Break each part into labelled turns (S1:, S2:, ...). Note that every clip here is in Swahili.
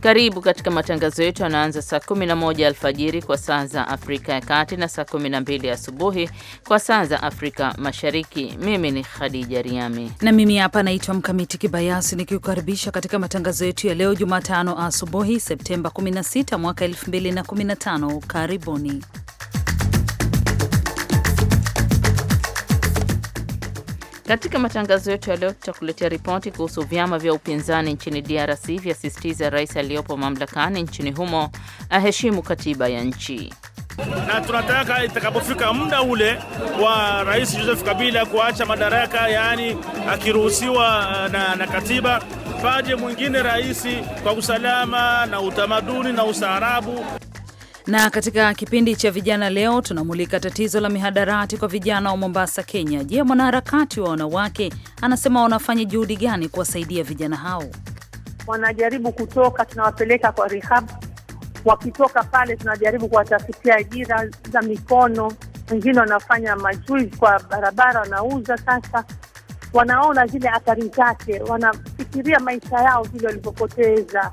S1: Karibu katika matangazo yetu yanaanza saa 11 alfajiri kwa saa za Afrika ya Kati na saa 12 asubuhi kwa saa za Afrika Mashariki. Mimi ni Khadija Riami
S2: na mimi hapa naitwa Mkamiti Kibayasi nikikukaribisha katika matangazo yetu ya leo Jumatano asubuhi Septemba 16 mwaka 2015. Karibuni.
S1: Katika matangazo yetu ya leo tutakuletea ripoti kuhusu vyama vya upinzani nchini DRC vyasisitiza rais aliyopo mamlakani nchini humo aheshimu katiba ya nchi,
S3: na tunataka itakapofika muda ule wa Rais Joseph Kabila kuacha madaraka, yaani akiruhusiwa uh, na, na katiba, paje mwingine rais kwa usalama na utamaduni na ustaarabu.
S2: Na katika kipindi cha vijana leo tunamulika tatizo la mihadarati kwa vijana wa Mombasa, Kenya. Je, mwanaharakati wa wanawake anasema wanafanya juhudi gani kuwasaidia vijana hao?
S4: Wanajaribu kutoka, tunawapeleka kwa rehab. Wakitoka pale, tunajaribu kuwatafutia ajira za mikono. Wengine wanafanya majuzi kwa barabara, wanauza. Sasa wanaona zile athari zake, wanafikiria maisha yao vile walivyopoteza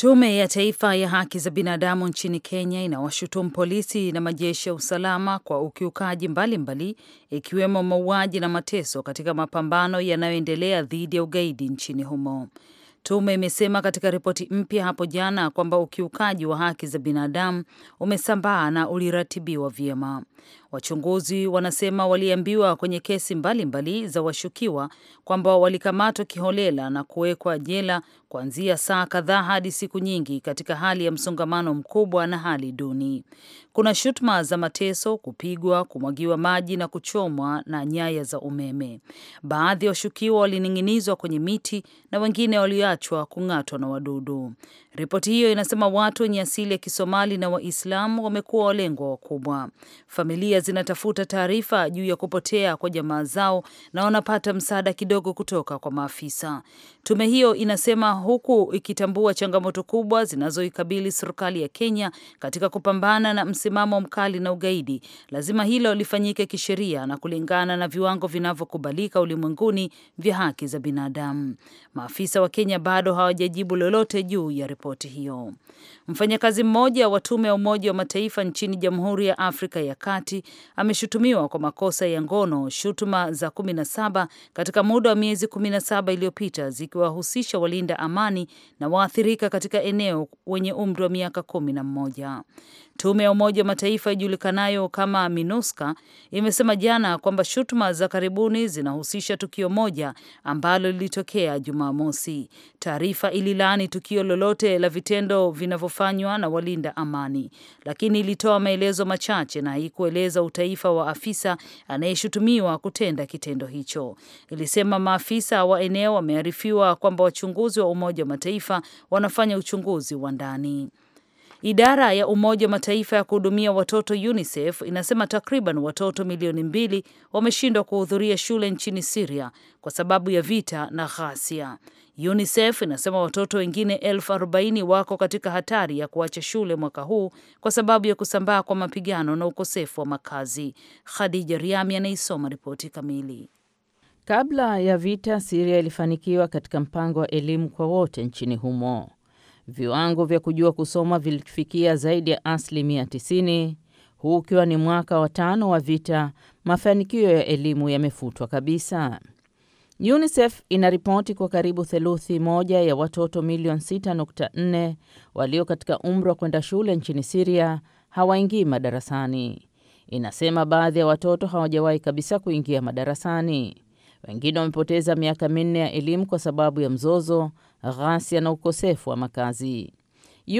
S2: Tume ya Taifa ya Haki za Binadamu nchini Kenya inawashutumu polisi na majeshi ya usalama kwa ukiukaji mbalimbali ikiwemo mauaji na mateso katika mapambano yanayoendelea dhidi ya ugaidi nchini humo. Tume imesema katika ripoti mpya hapo jana kwamba ukiukaji wa haki za binadamu umesambaa na uliratibiwa vyema. Wachunguzi wanasema waliambiwa kwenye kesi mbalimbali mbali za washukiwa kwamba walikamatwa kiholela na kuwekwa jela kuanzia saa kadhaa hadi siku nyingi katika hali ya msongamano mkubwa na hali duni. Kuna shutuma za mateso, kupigwa, kumwagiwa maji na kuchomwa na nyaya za umeme. Baadhi ya washukiwa walining'inizwa kwenye miti na wengine walioachwa kung'atwa na wadudu. Ripoti hiyo inasema watu wenye asili ya Kisomali na Waislamu wamekuwa walengwa wakubwa. Familia zinatafuta taarifa juu ya kupotea kwa jamaa zao na wanapata msaada kidogo kutoka kwa maafisa. Tume hiyo inasema huku ikitambua changamoto kubwa zinazoikabili serikali ya Kenya katika kupambana na msimamo mkali na ugaidi, lazima hilo lifanyike kisheria na kulingana na viwango vinavyokubalika ulimwenguni vya haki za binadamu. Maafisa wa Kenya bado hawajajibu lolote juu ya ripoti hiyo. Mfanyakazi mmoja wa tume ya Umoja wa Mataifa nchini Jamhuri ya Afrika ya Kati ameshutumiwa kwa makosa ya ngono, shutuma za 17 katika muda wa miezi 17 iliyopita zikiwa ikiwahusisha walinda amani na waathirika katika eneo wenye umri wa miaka kumi na mmoja. Tume ya Umoja wa Mataifa ijulikanayo kama MINUSCA imesema jana kwamba shutuma za karibuni zinahusisha tukio moja ambalo lilitokea Jumamosi. Taarifa ililaani tukio lolote la vitendo vinavyofanywa na walinda amani, lakini ilitoa maelezo machache na haikueleza utaifa wa afisa anayeshutumiwa kutenda kitendo hicho. Ilisema maafisa wa eneo wamearifiwa kwamba wachunguzi wa Umoja wa Mataifa wanafanya uchunguzi wa ndani. Idara ya Umoja wa Mataifa ya kuhudumia watoto UNICEF inasema takriban watoto milioni mbili wameshindwa kuhudhuria shule nchini Siria kwa sababu ya vita na ghasia. UNICEF inasema watoto wengine elfu arobaini wako katika hatari ya kuacha shule mwaka huu kwa sababu ya kusambaa kwa mapigano na ukosefu wa makazi. Khadija Riami anaisoma ripoti kamili.
S1: Kabla ya vita, Siria ilifanikiwa katika mpango wa elimu kwa wote nchini humo. Viwango vya kujua kusoma vilifikia zaidi ya asilimia 90, huu ukiwa ni mwaka wa tano wa vita. Mafanikio ya elimu yamefutwa kabisa. UNICEF inaripoti kwa karibu theluthi moja ya watoto milioni 6.4 walio katika umri wa kwenda shule nchini Siria hawaingii madarasani. Inasema baadhi ya watoto hawajawahi kabisa kuingia madarasani. Wengine wamepoteza miaka minne ya elimu kwa sababu ya mzozo ghasia na ukosefu wa makazi.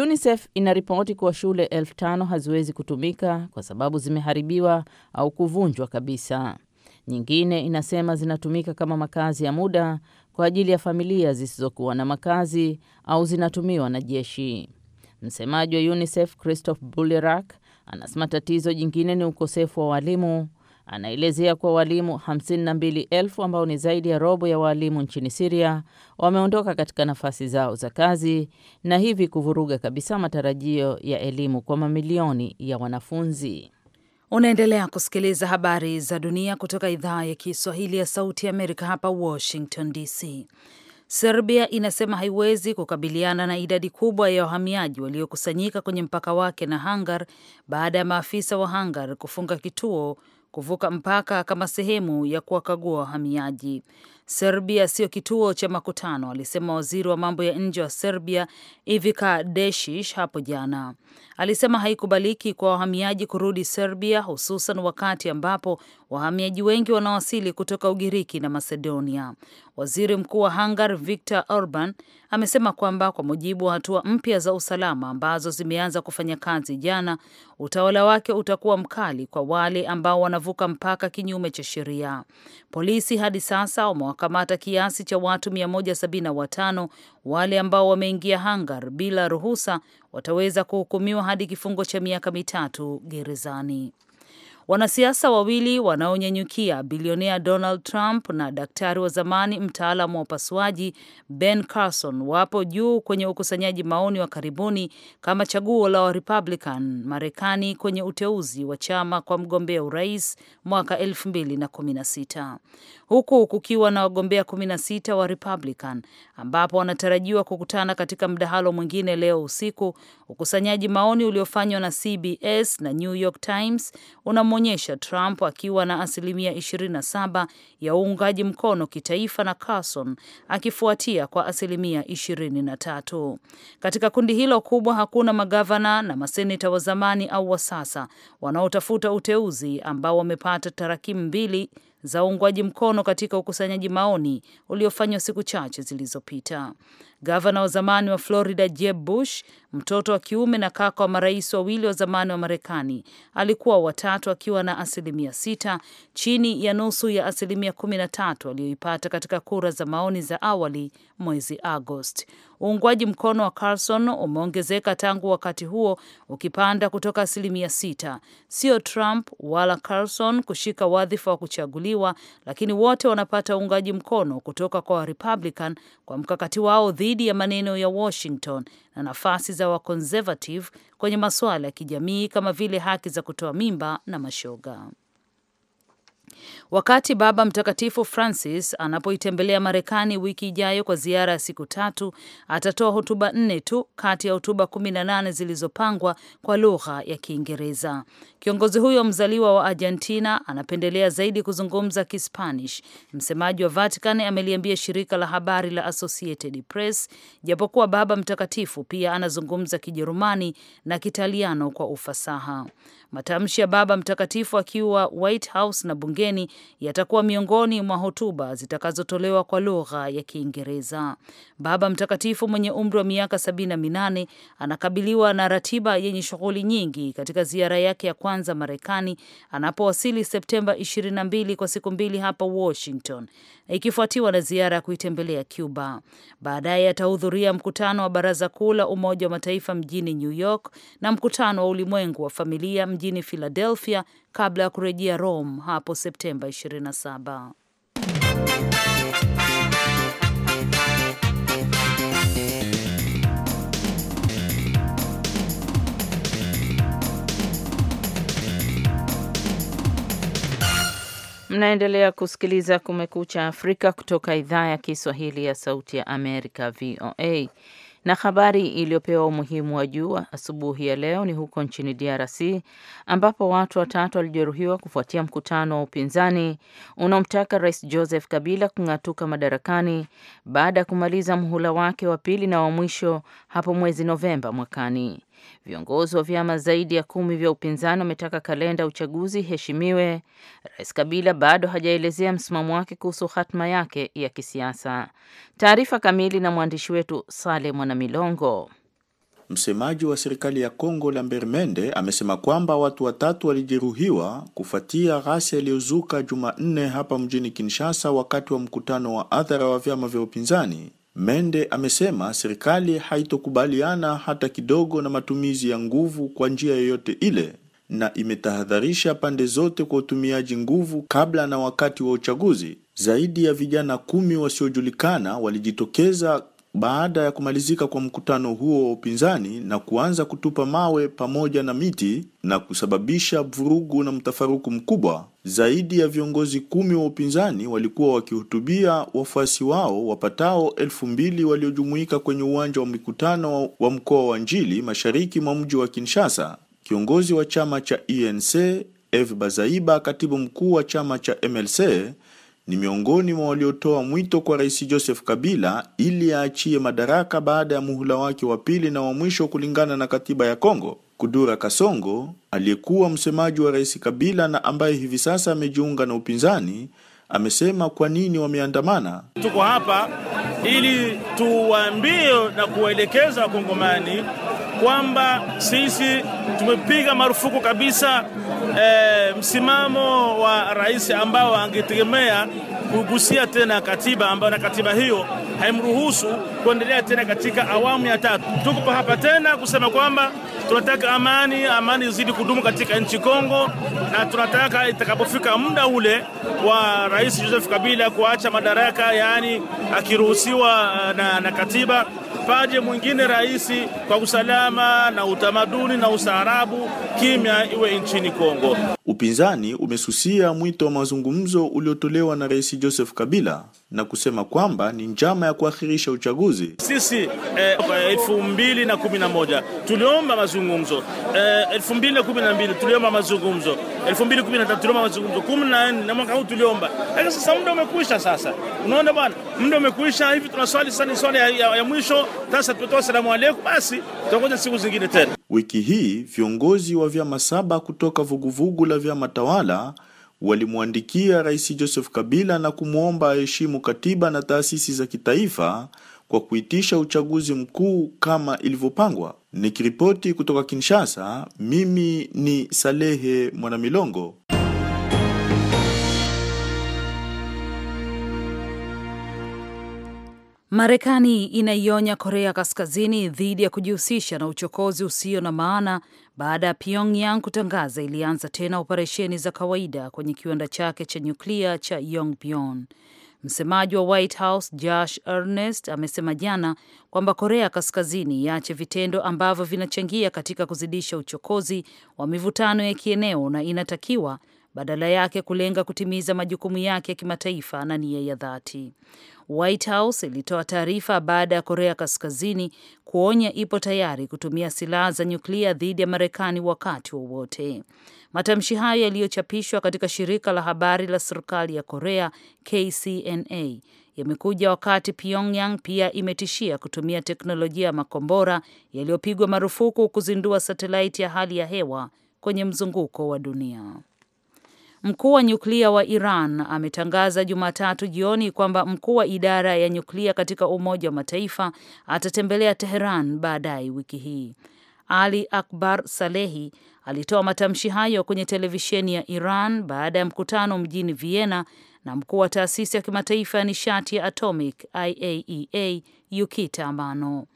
S1: UNICEF inaripoti kuwa shule elfu tano haziwezi kutumika kwa sababu zimeharibiwa au kuvunjwa kabisa. Nyingine inasema zinatumika kama makazi ya muda kwa ajili ya familia zisizokuwa na makazi au zinatumiwa na jeshi. Msemaji wa UNICEF Christoph Bulerak anasema tatizo jingine ni ukosefu wa walimu Anaelezea kuwa walimu 52,000 ambao ni zaidi ya robo ya walimu nchini Siria wameondoka katika nafasi zao za kazi na hivi kuvuruga kabisa matarajio ya elimu kwa mamilioni ya wanafunzi. Unaendelea kusikiliza habari za
S2: dunia kutoka idhaa ya Kiswahili ya Sauti ya Amerika hapa Washington DC. Serbia inasema haiwezi kukabiliana na idadi kubwa ya wahamiaji waliokusanyika kwenye mpaka wake na Hungar baada ya maafisa wa Hungar kufunga kituo kuvuka mpaka kama sehemu ya kuwakagua wahamiaji. Serbia sio kituo cha makutano, alisema waziri wa mambo ya nje wa Serbia Ivica Deshish hapo jana alisema haikubaliki kwa wahamiaji kurudi Serbia, hususan wakati ambapo wahamiaji wengi wanawasili kutoka Ugiriki na Macedonia. Waziri Mkuu wa Hungary Viktor Orban amesema kwamba kwa mujibu wa hatua mpya za usalama ambazo zimeanza kufanya kazi jana, utawala wake utakuwa mkali kwa wale ambao wanavuka mpaka kinyume cha sheria. Polisi hadi sasa wamewakamata kiasi cha watu 175 wale ambao wameingia Hungary bila ruhusa wataweza kuhukumiwa hadi kifungo cha miaka mitatu gerezani. Wanasiasa wawili wanaonyenyukia bilionea Donald Trump na daktari wa zamani mtaalamu wa upasuaji Ben Carson wapo juu kwenye ukusanyaji maoni wa karibuni kama chaguo la Warepublican Marekani kwenye uteuzi wa chama kwa mgombea urais mwaka 2016 huku kukiwa na wagombea 16 wa Republican ambapo wanatarajiwa kukutana katika mdahalo mwingine leo usiku. Ukusanyaji maoni uliofanywa na CBS na New York Times unamwonyesha Trump akiwa na asilimia 27 ya uungaji mkono kitaifa na Carson akifuatia kwa asilimia 23. Katika kundi hilo kubwa hakuna magavana na maseneta wa zamani au wa sasa wanaotafuta uteuzi ambao wamepata tarakimu mbili za uungwaji mkono katika ukusanyaji maoni uliofanywa siku chache zilizopita. Gavana wa zamani wa Florida Jeb Bush, mtoto wa kiume na kaka wa marais wawili wa zamani wa Marekani, alikuwa watatu akiwa na asilimia sita, chini ya nusu ya asilimia kumi na tatu aliyoipata katika kura za maoni za awali mwezi Agosti. Uungwaji mkono wa Carson umeongezeka tangu wakati huo, ukipanda kutoka asilimia sita. Sio Trump wala Carlson kushika wadhifa wa kuchaguliwa, lakini wote wanapata uungaji mkono kutoka kwa Republican kwa mkakati wao dhidi dhidi ya maneno ya Washington na nafasi za wakonservative kwenye masuala ya kijamii kama vile haki za kutoa mimba na mashoga. Wakati Baba Mtakatifu Francis anapoitembelea Marekani wiki ijayo kwa ziara ya siku tatu, atatoa hotuba nne tu kati ya hotuba kumi na nane zilizopangwa kwa lugha ya Kiingereza. Kiongozi huyo mzaliwa wa Argentina anapendelea zaidi kuzungumza Kispanish. Msemaji wa Vatican ameliambia shirika la habari la Associated Press, japokuwa Baba Mtakatifu pia anazungumza Kijerumani na Kitaliano kwa ufasaha. Matamshi ya Baba Mtakatifu akiwa White House na bungeni yatakuwa miongoni mwa hotuba zitakazotolewa kwa lugha ya Kiingereza. Baba Mtakatifu mwenye umri wa miaka minane anakabiliwa na ratiba yenye shughuli nyingi katika ziara yake ya kwanza Marekani anapowasili Septemba 22 kwa siku mbili hapa Washington, ikifuatiwa na ziara ya kuitembelea Cuba. Baadaye atahudhuria mkutano wa Baraza Kuu la Umoja wa Mataifa mjini New York na mkutano wa ulimwengu wa familia mjini Philadelphia kabla ya kurejea Rome hapo Septemba 27.
S1: Mnaendelea kusikiliza Kumekucha Afrika kutoka idhaa ya Kiswahili ya Sauti ya Amerika, VOA. Na habari iliyopewa umuhimu wa juu asubuhi ya leo ni huko nchini DRC ambapo watu watatu walijeruhiwa kufuatia mkutano wa upinzani unaomtaka Rais Joseph Kabila kung'atuka madarakani baada ya kumaliza muhula wake wa pili na wa mwisho hapo mwezi Novemba mwakani. Viongozi wa vyama zaidi ya kumi vya upinzani wametaka kalenda ya uchaguzi iheshimiwe. Rais Kabila bado hajaelezea msimamo wake kuhusu hatma yake ya kisiasa. Taarifa kamili na mwandishi wetu Sale Mwanamilongo.
S5: Msemaji wa serikali ya Kongo Lambert Mende amesema kwamba watu watatu walijeruhiwa kufuatia ghasia iliyozuka Jumanne hapa mjini Kinshasa wakati wa mkutano wa adhara wa vyama vya upinzani. Mende amesema serikali haitokubaliana hata kidogo na matumizi ya nguvu kwa njia yoyote ile na imetahadharisha pande zote kwa utumiaji nguvu kabla na wakati wa uchaguzi. Zaidi ya vijana kumi wasiojulikana walijitokeza baada ya kumalizika kwa mkutano huo wa upinzani na kuanza kutupa mawe pamoja na miti na kusababisha vurugu na mtafaruku mkubwa, zaidi ya viongozi kumi wa upinzani walikuwa wakihutubia wafuasi wao wapatao elfu mbili waliojumuika kwenye uwanja wa mikutano wa mkoa wa Njili mashariki mwa mji wa Kinshasa. Kiongozi wa chama cha ENC Eve Bazaiba, katibu mkuu wa chama cha MLC ni miongoni mwa waliotoa mwito kwa Rais Joseph Kabila ili aachie madaraka baada ya muhula wake wa pili na wa mwisho kulingana na katiba ya Kongo. Kudura Kasongo aliyekuwa msemaji wa Rais Kabila na ambaye hivi sasa amejiunga na upinzani amesema kwa nini wameandamana.
S3: Tuko hapa ili tuwaambie na kuwaelekeza Wakongomani kwamba sisi tumepiga marufuku kabisa e, msimamo wa rais ambao angetegemea kugusia tena katiba ambayo na katiba hiyo haimruhusu kuendelea tena katika awamu ya tatu. Tuko hapa tena kusema kwamba tunataka amani, amani izidi kudumu katika nchi Kongo, na tunataka itakapofika muda ule wa Rais Joseph Kabila kuacha madaraka, yaani akiruhusiwa eh, na, na katiba paje mwingine rais kwa usalama na utamaduni na ustaarabu, kimya iwe nchini Kongo.
S5: Upinzani umesusia mwito wa mazungumzo uliotolewa na Rais Joseph Kabila na kusema kwamba ni njama ya kuakhirisha uchaguzi.
S3: Sisi eh, elfu eh, mbili na kumi na moja tuliomba mazungumzo eh, elfu eh, mbili na kumi na mbili tuliomba mazungumzo elfu mbili kumi na tatu tuliomba mazungumzo kumi na nne na mwaka huu tuliomba. Sasa muda umekwisha. Sasa unaona bwana, muda umekwisha. Hivi tunaswali sasa, ni swali ya, ya, ya mwisho. Sasa tumetoa salamu aleikum, basi tutakuja siku zingine tena. Wiki hii
S5: viongozi wa vyama saba kutoka vuguvugu la vyama tawala walimwandikia Rais Joseph Kabila na kumwomba aheshimu katiba na taasisi za kitaifa kwa kuitisha uchaguzi mkuu kama ilivyopangwa. Nikiripoti kutoka Kinshasa, mimi ni Salehe Mwanamilongo.
S2: Marekani inaionya Korea Kaskazini dhidi ya kujihusisha na uchokozi usio na maana baada ya Pyongyang kutangaza ilianza tena operesheni za kawaida kwenye kiwanda chake cha nyuklia cha Yongbyon. Msemaji wa White House Josh Earnest amesema jana kwamba Korea Kaskazini iache vitendo ambavyo vinachangia katika kuzidisha uchokozi wa mivutano ya kieneo na inatakiwa badala yake kulenga kutimiza majukumu yake ya kimataifa na nia ya dhati. White House ilitoa taarifa baada ya Korea Kaskazini kuonya ipo tayari kutumia silaha za nyuklia dhidi ya Marekani wakati wowote Matamshi hayo yaliyochapishwa katika shirika la habari la serikali ya Korea KCNA yamekuja wakati Pyongyang pia imetishia kutumia teknolojia ya makombora yaliyopigwa marufuku kuzindua satelaiti ya hali ya hewa kwenye mzunguko wa dunia. Mkuu wa nyuklia wa Iran ametangaza Jumatatu jioni kwamba mkuu wa idara ya nyuklia katika Umoja wa Mataifa atatembelea Teheran baadaye wiki hii. Ali Akbar Salehi alitoa matamshi hayo kwenye televisheni ya Iran baada ya mkutano mjini Vienna na mkuu wa taasisi ya kimataifa ya nishati ya atomic IAEA e Yukita Amano.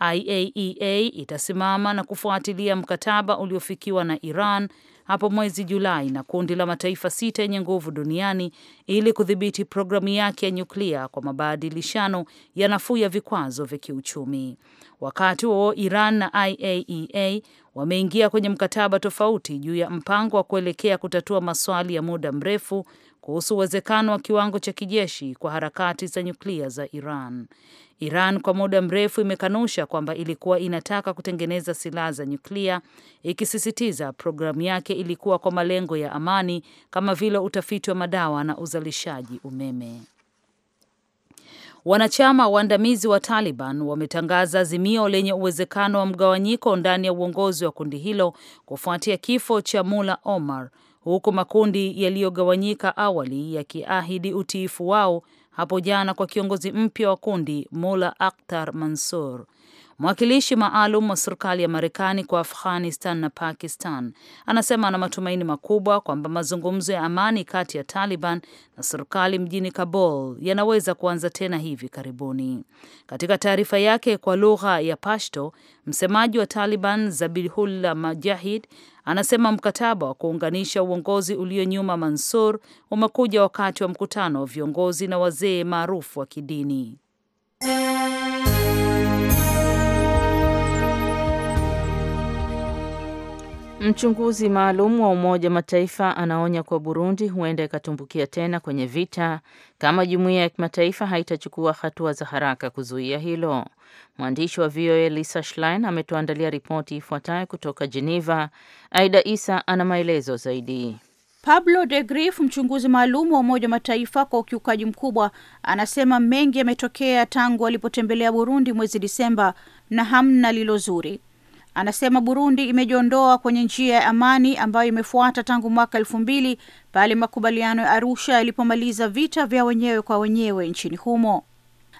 S2: IAEA e itasimama na kufuatilia mkataba uliofikiwa na Iran hapo mwezi Julai na kundi la mataifa sita yenye nguvu duniani ili kudhibiti programu yake ya nyuklia kwa mabadilishano ya nafuu ya vikwazo vya kiuchumi. Wakati huo Iran na IAEA e wameingia kwenye mkataba tofauti juu ya mpango wa kuelekea kutatua maswali ya muda mrefu kuhusu uwezekano wa kiwango cha kijeshi kwa harakati za nyuklia za Iran. Iran kwa muda mrefu imekanusha kwamba ilikuwa inataka kutengeneza silaha za nyuklia, ikisisitiza programu yake ilikuwa kwa malengo ya amani kama vile utafiti wa madawa na uzalishaji umeme. Wanachama waandamizi wa Taliban wametangaza azimio lenye uwezekano wa mgawanyiko ndani ya uongozi wa kundi hilo kufuatia kifo cha Mullah Omar, huku makundi yaliyogawanyika awali yakiahidi utiifu wao hapo jana kwa kiongozi mpya wa kundi Mula Akhtar Mansur. Mwakilishi maalum wa serikali ya Marekani kwa Afghanistan na Pakistan anasema ana matumaini makubwa kwamba mazungumzo ya amani kati ya Taliban na serikali mjini Kabul yanaweza kuanza tena hivi karibuni. Katika taarifa yake kwa lugha ya Pashto, msemaji wa Taliban Zabihullah Mujahid anasema mkataba wa kuunganisha uongozi ulio nyuma Mansur umekuja wakati wa mkutano wa viongozi na wazee maarufu wa kidini.
S1: Mchunguzi maalum wa Umoja Mataifa anaonya kuwa Burundi huenda ikatumbukia tena kwenye vita kama jumuiya ya kimataifa haitachukua hatua za haraka kuzuia hilo. Mwandishi wa VOA Lisa Schlein ametuandalia ripoti ifuatayo kutoka Geneva. Aida Isa ana maelezo zaidi.
S6: Pablo de Grif, mchunguzi maalum wa Umoja wa Mataifa kwa ukiukaji mkubwa, anasema mengi yametokea tangu alipotembelea Burundi mwezi Disemba na hamna lilo zuri. Anasema Burundi imejiondoa kwenye njia ya amani ambayo imefuata tangu mwaka elfu mbili pale makubaliano ya Arusha yalipomaliza vita vya wenyewe kwa wenyewe nchini humo.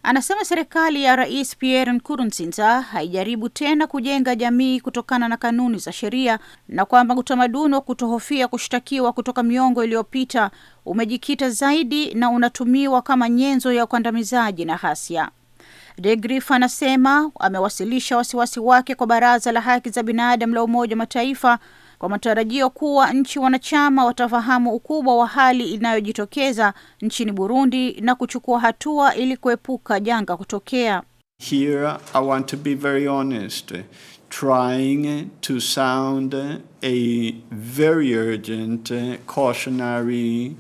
S6: Anasema serikali ya Rais Pierre nkurunzinza haijaribu tena kujenga jamii kutokana na kanuni za sheria na kwamba utamaduni wa kutohofia kushtakiwa kutoka miongo iliyopita umejikita zaidi na unatumiwa kama nyenzo ya ukandamizaji na ghasia. De Grief anasema amewasilisha wasiwasi wake kwa Baraza la Haki za Binadamu la Umoja wa Mataifa kwa matarajio kuwa nchi wanachama watafahamu ukubwa wa hali inayojitokeza nchini Burundi na kuchukua hatua ili kuepuka janga kutokea.
S5: Here I want to be very honest, trying to sound a very urgent cautionary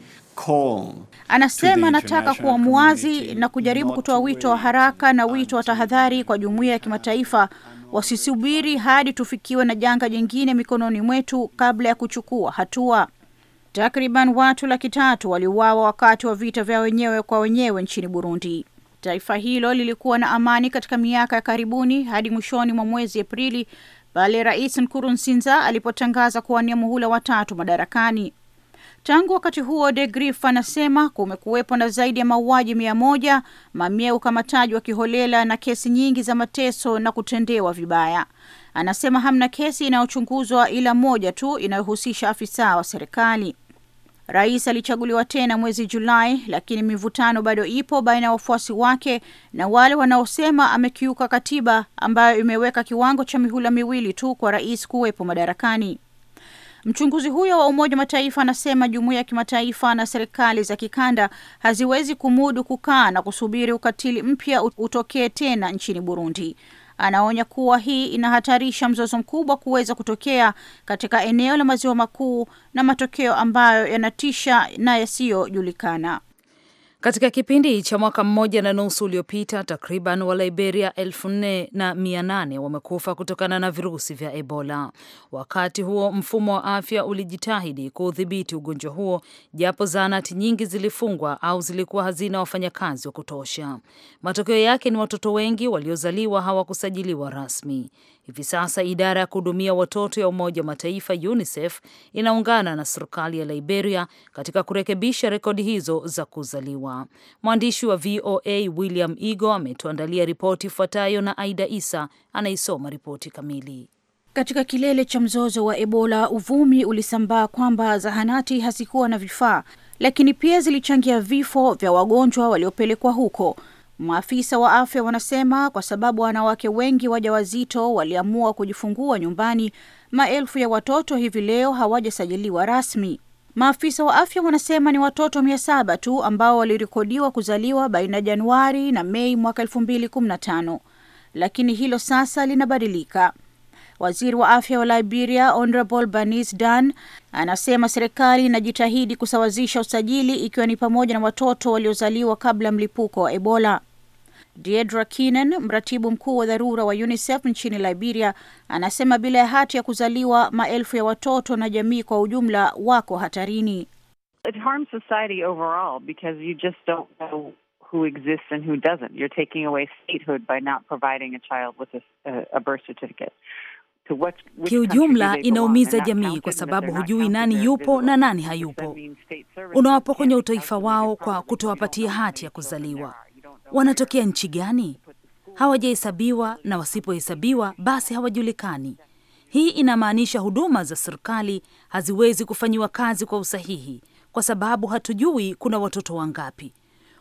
S6: Anasema anataka kuwa mwazi na kujaribu kutoa wito wa haraka na wito wa tahadhari kwa jumuiya ya kimataifa, wasisubiri hadi tufikiwe na janga jingine mikononi mwetu kabla ya kuchukua hatua. Takriban watu laki tatu waliuawa wakati wa vita vya wenyewe kwa wenyewe nchini Burundi. Taifa hilo lilikuwa na amani katika miaka ya karibuni hadi mwishoni mwa mwezi Aprili pale Rais Nkurunziza alipotangaza kuwania muhula watatu madarakani. Tangu wakati huo, De Grief anasema kumekuwepo na zaidi ya mauaji mia moja, mamia ukamataji wa kiholela na kesi nyingi za mateso na kutendewa vibaya. Anasema hamna kesi inayochunguzwa ila moja tu inayohusisha afisa wa serikali. Rais alichaguliwa tena mwezi Julai, lakini mivutano bado ipo baina ya wafuasi wake na wale wanaosema amekiuka katiba ambayo imeweka kiwango cha mihula miwili tu kwa rais kuwepo madarakani. Mchunguzi huyo wa Umoja wa Mataifa anasema jumuiya ya kimataifa na serikali za kikanda haziwezi kumudu kukaa na kusubiri ukatili mpya utokee tena nchini Burundi. Anaonya kuwa hii inahatarisha mzozo mkubwa kuweza kutokea katika eneo la maziwa makuu na matokeo ambayo yanatisha na yasiyojulikana. Katika kipindi cha mwaka mmoja na nusu uliopita, takriban wa
S2: Liberia elfu nne na mia nane wamekufa kutokana na virusi vya Ebola. Wakati huo mfumo wa afya ulijitahidi kuudhibiti ugonjwa huo, japo zahanati nyingi zilifungwa au zilikuwa hazina wafanyakazi wa kutosha. Matokeo yake ni watoto wengi waliozaliwa hawakusajiliwa rasmi. Hivi sasa idara ya kuhudumia watoto ya Umoja wa Mataifa UNICEF inaungana na serikali ya Liberia katika kurekebisha rekodi hizo za kuzaliwa. Mwandishi wa VOA William Igo ametuandalia ripoti ifuatayo, na Aida Isa anaisoma ripoti kamili.
S6: Katika kilele cha mzozo wa Ebola, uvumi ulisambaa kwamba zahanati hazikuwa na vifaa, lakini pia zilichangia vifo vya wagonjwa waliopelekwa huko. Maafisa wa afya wanasema kwa sababu wanawake wengi wajawazito waliamua kujifungua nyumbani, maelfu ya watoto hivi leo hawajasajiliwa rasmi. Maafisa wa afya wanasema ni watoto mia saba tu ambao walirekodiwa kuzaliwa baina ya Januari na Mei mwaka elfu mbili kumi na tano, lakini hilo sasa linabadilika. Waziri wa afya wa Liberia, Honorable Bernice Dan, anasema serikali inajitahidi kusawazisha usajili ikiwa ni pamoja na watoto waliozaliwa kabla mlipuko wa Ebola. Diedra Kinen, mratibu mkuu wa dharura wa UNICEF nchini Liberia, anasema bila ya hati ya kuzaliwa, maelfu ya watoto na jamii kwa ujumla wako hatarini.
S4: It harms society overall because you just don't know who exists and who doesn't. You're taking away statehood by not providing a child with a, a birth certificate. Kiujumla inaumiza jamii kwa sababu hujui nani yupo na
S2: nani hayupo. Unawapokonya utaifa wao kwa kutowapatia hati ya kuzaliwa. Wanatokea nchi gani? Hawajahesabiwa, na wasipohesabiwa basi hawajulikani. Hii inamaanisha huduma za serikali haziwezi kufanyiwa kazi kwa usahihi, kwa sababu hatujui kuna watoto wangapi.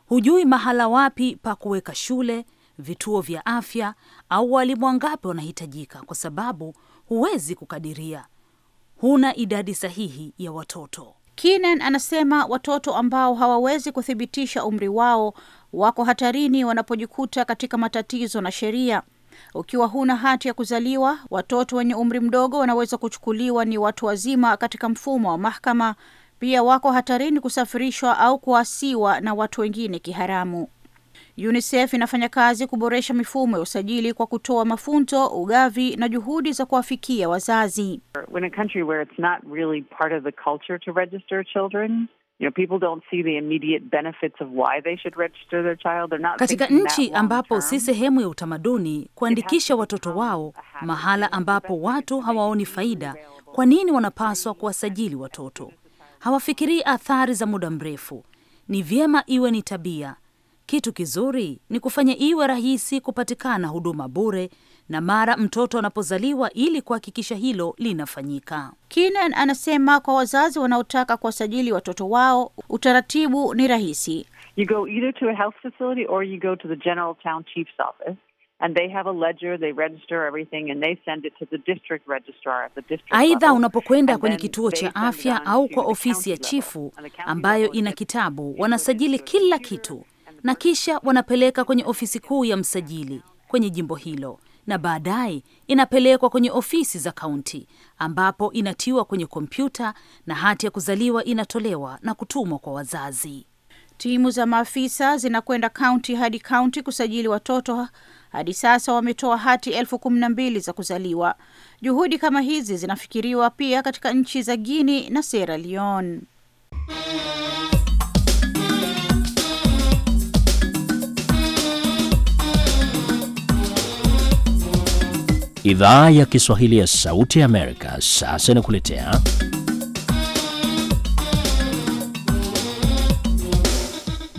S2: Hujui mahala wapi pa kuweka shule, vituo vya afya au walimu wangapi wanahitajika, kwa sababu huwezi kukadiria,
S6: huna idadi sahihi ya watoto. Kinan anasema watoto ambao hawawezi kuthibitisha umri wao wako hatarini wanapojikuta katika matatizo na sheria. Ukiwa huna hati ya kuzaliwa, watoto wenye umri mdogo wanaweza kuchukuliwa ni watu wazima katika mfumo wa mahakama. Pia wako hatarini kusafirishwa au kuasiwa na watu wengine kiharamu. UNICEF inafanya kazi kuboresha mifumo ya usajili kwa kutoa mafunzo, ugavi na juhudi za kuwafikia wazazi.
S4: In a country where it's not really part of the culture to register children katika nchi
S2: ambapo si sehemu ya utamaduni kuandikisha watoto wao, mahala ambapo watu hawaoni faida, kwa nini wanapaswa kuwasajili watoto? Hawafikirii athari za muda mrefu. Ni vyema iwe ni tabia, kitu kizuri ni kufanya iwe rahisi kupatikana huduma bure na mara mtoto anapozaliwa ili kuhakikisha hilo linafanyika.
S6: Kinan anasema kwa wazazi wanaotaka kuwasajili watoto wao, utaratibu ni rahisi.
S4: You go either to a health facility or you go to the general town chief's office. Aidha,
S2: unapokwenda kwenye kituo cha afya au kwa ofisi ya chifu ambayo ina kitabu, wanasajili kila kitu na kisha wanapeleka kwenye ofisi kuu ya msajili kwenye jimbo hilo, na baadaye inapelekwa kwenye ofisi za kaunti ambapo
S6: inatiwa kwenye kompyuta na hati ya kuzaliwa inatolewa na kutumwa kwa wazazi. Timu za maafisa zinakwenda kaunti hadi kaunti kusajili watoto. Hadi sasa wametoa hati elfu kumi na mbili za kuzaliwa. Juhudi kama hizi zinafikiriwa pia katika nchi za Guini na Sierra Leone.
S5: Idhaa ya Kiswahili ya Sauti ya Amerika sasa
S3: inakuletea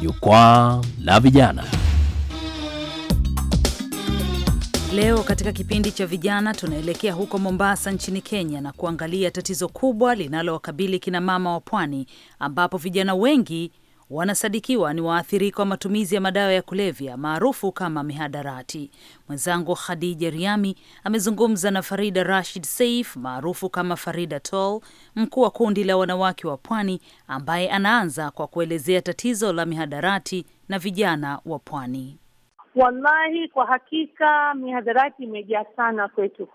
S3: Jukwaa la Vijana.
S2: Leo katika kipindi cha vijana tunaelekea huko Mombasa nchini Kenya na kuangalia tatizo kubwa linalowakabili kinamama wa pwani ambapo vijana wengi wanasadikiwa ni waathirika wa matumizi ya madawa ya kulevya maarufu kama mihadarati. Mwenzangu Khadija Riami amezungumza na Farida Rashid Saif maarufu kama Farida Tol, mkuu wa kundi la wanawake wa Pwani, ambaye anaanza kwa kuelezea tatizo la mihadarati na vijana wa Pwani.
S4: Wallahi, kwa hakika mihadarati imejaa sana kwetu.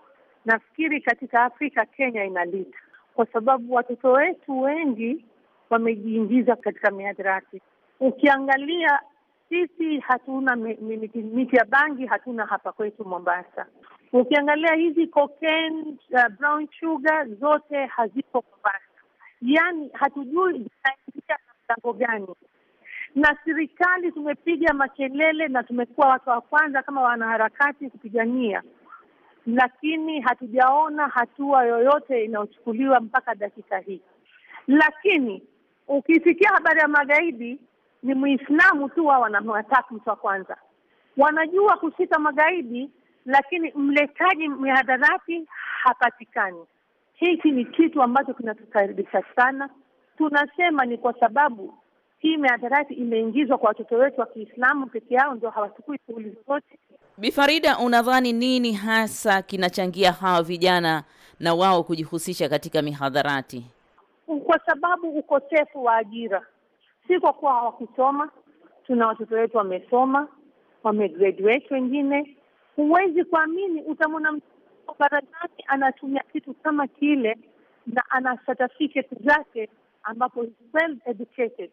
S4: Nafikiri katika Afrika Kenya inalita, kwa sababu watoto wetu wengi wamejiingiza katika mihadarati. Ukiangalia sisi hatuna miti ya bangi, hatuna hapa kwetu Mombasa. Ukiangalia hizi cocaine, uh, brown sugar zote haziko Mombasa, yaani hatujui zinaingia na mlango gani. Na serikali tumepiga makelele na tumekuwa watu wa kwanza kama wanaharakati kupigania, lakini hatujaona hatua yoyote inayochukuliwa mpaka dakika hii. Lakini Ukisikia habari ya magaidi, ni Muislamu tu wao wanamwataki mtu wa kwanza. Wanajua kushika magaidi, lakini mletaji mihadarati hapatikani. Hiki ni kitu ambacho kinatukaribisha sana. Tunasema ni kwa sababu hii mihadarati imeingizwa kwa watoto wetu wa Kiislamu peke yao, ndio hawachukui shughuli zozote.
S1: bifarida unadhani nini hasa kinachangia hawa vijana na wao kujihusisha katika mihadharati?
S4: kwa sababu ukosefu wa ajira, si kwa kuwa hawakusoma. Tuna watoto wetu wamesoma, wamegraduate wengine. Huwezi kuamini, utamwona mtoto barazani anatumia kitu kama kile na ana certificate zake, ambapo well educated.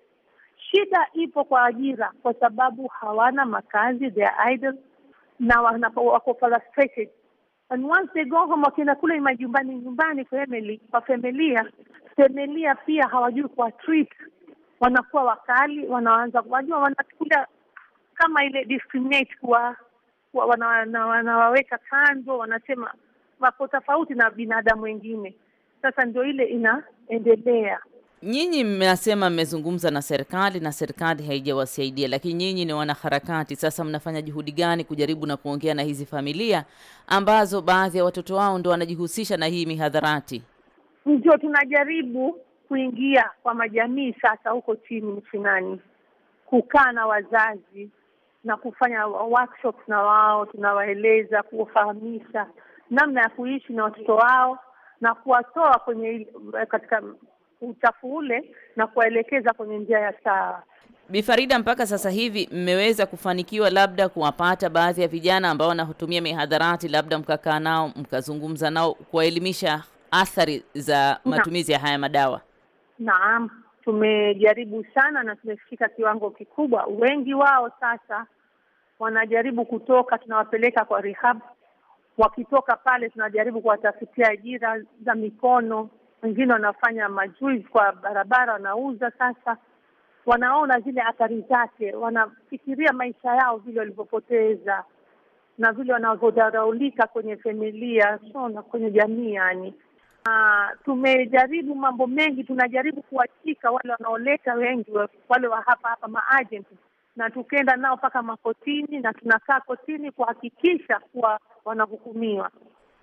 S4: Shida ipo kwa ajira, kwa sababu hawana makazi, they are idle na wako frustrated and once they go home, wakienda kule majumbani nyumbani, family kwa familia, familia pia hawajui kuwa treat, wanakuwa wakali, wanaanza wajua, wanachukulia kama ile discriminate kuwa wanawaweka kando, wanasema wako tofauti na binadamu wengine. Sasa ndio ile inaendelea.
S1: Nyinyi mnasema mmezungumza na serikali na serikali haijawasaidia, lakini nyinyi ni wanaharakati. Sasa mnafanya juhudi gani kujaribu na kuongea na hizi familia ambazo baadhi ya watoto wao ndo wanajihusisha na hii mihadharati?
S4: ndio tunajaribu kuingia kwa majamii sasa huko chini mchinani kukaa na wazazi na kufanya workshops na wao, tunawaeleza kuwafahamisha namna ya kuishi na watoto wao na kuwatoa kwenye katika uchafu ule na kuwaelekeza kwenye njia ya sawa.
S1: bifarida mpaka sasa hivi mmeweza kufanikiwa labda kuwapata baadhi ya vijana ambao wanatumia mihadharati, labda mkakaa nao mkazungumza nao kuwaelimisha athari za matumizi ya haya madawa?
S4: Naam, tumejaribu sana na tumefika kiwango kikubwa. Wengi wao sasa wanajaribu kutoka, tunawapeleka kwa rehab. Wakitoka pale, tunajaribu kuwatafutia ajira za mikono. Wengine wanafanya majuiz kwa barabara, wanauza. Sasa wanaona zile athari zake, wanafikiria maisha yao vile walivyopoteza na vile wanavyodharaulika kwenye familia so na kwenye jamii yani Ah, tumejaribu mambo mengi, tunajaribu kuwashika wale wanaoleta wengi, wale wa hapa hapa maajenti, na tukenda nao mpaka makotini, na tunakaa kotini kuhakikisha kuwa wanahukumiwa.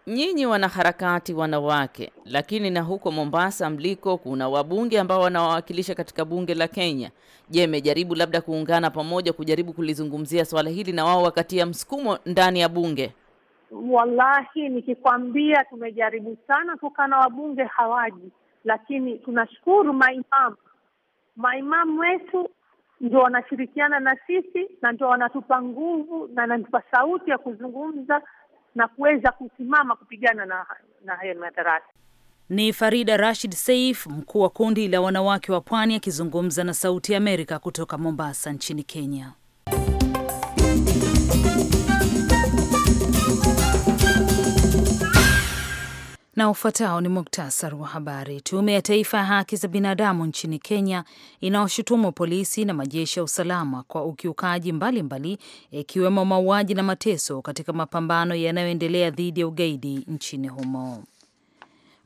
S1: Nyinyi wanaharakati wanawake, lakini na huko Mombasa mliko kuna wabunge ambao wanawawakilisha katika bunge la Kenya. Je, mmejaribu labda kuungana pamoja kujaribu kulizungumzia swala hili na wao wakatia msukumo ndani ya bunge?
S4: Wallahi, nikikwambia tumejaribu sana kukaa na wabunge hawaji, lakini tunashukuru maimamu, maimamu wetu ndio wanashirikiana na sisi na ndio wanatupa nguvu na wanatupa sauti ya kuzungumza na kuweza kusimama kupigana na, na hayo madarasa.
S2: Ni Farida Rashid saif mkuu wa kundi la wanawake wa Pwani, akizungumza na Sauti ya Amerika kutoka Mombasa nchini Kenya. Na ufuatao ni muktasar wa habari. Tume ya Taifa ya Haki za Binadamu nchini Kenya inaoshutumu polisi na majeshi ya usalama kwa ukiukaji mbalimbali, ikiwemo mauaji na mateso katika mapambano yanayoendelea dhidi ya ugaidi nchini humo.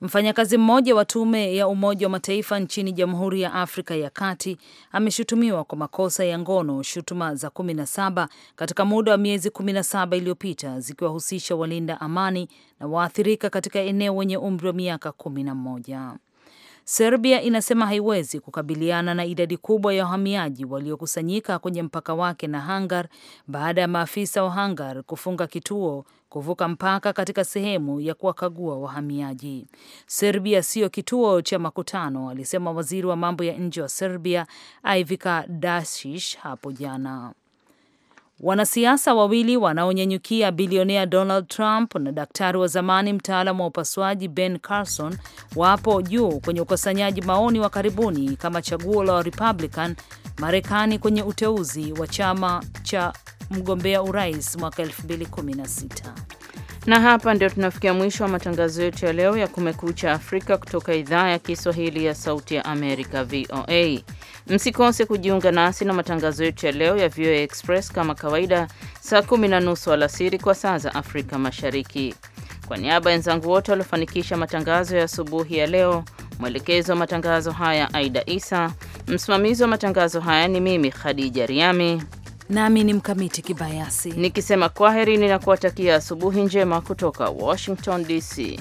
S2: Mfanyakazi mmoja wa tume ya Umoja wa Mataifa nchini Jamhuri ya Afrika ya Kati ameshutumiwa kwa makosa ya ngono, shutuma za na saba katika muda wa miezi saba iliyopita, zikiwahusisha walinda amani na waathirika katika eneo wenye umri wa miaka kumi na moja Serbia inasema haiwezi kukabiliana na idadi kubwa ya wahamiaji waliokusanyika kwenye mpaka wake na Hungar baada ya maafisa wa Hungar kufunga kituo kuvuka mpaka katika sehemu ya kuwakagua wahamiaji. Serbia siyo kituo cha makutano, alisema waziri wa mambo ya nje wa Serbia Ivica Dasic hapo jana. Wanasiasa wawili wanaonyenyukia bilionea Donald Trump na daktari wa zamani mtaalamu wa upasuaji Ben Carson wapo juu kwenye ukusanyaji maoni wa karibuni kama chaguo la Republican Marekani kwenye uteuzi wa chama cha mgombea urais mwaka 2016.
S1: Na hapa ndio tunafikia mwisho wa matangazo yetu ya leo ya Kumekucha Afrika kutoka idhaa ya Kiswahili ya Sauti ya Amerika, VOA. Msikose kujiunga nasi na matangazo yetu ya leo ya VOA Express kama kawaida, saa kumi na nusu alasiri kwa saa za Afrika Mashariki. Kwa niaba ya wenzangu wote waliofanikisha matangazo ya asubuhi ya leo, mwelekezi wa matangazo haya Aida Isa, msimamizi wa matangazo haya ni mimi Khadija Riami nami ni Mkamiti Kibayasi nikisema kwaheri, ninakuwatakia asubuhi njema kutoka Washington DC.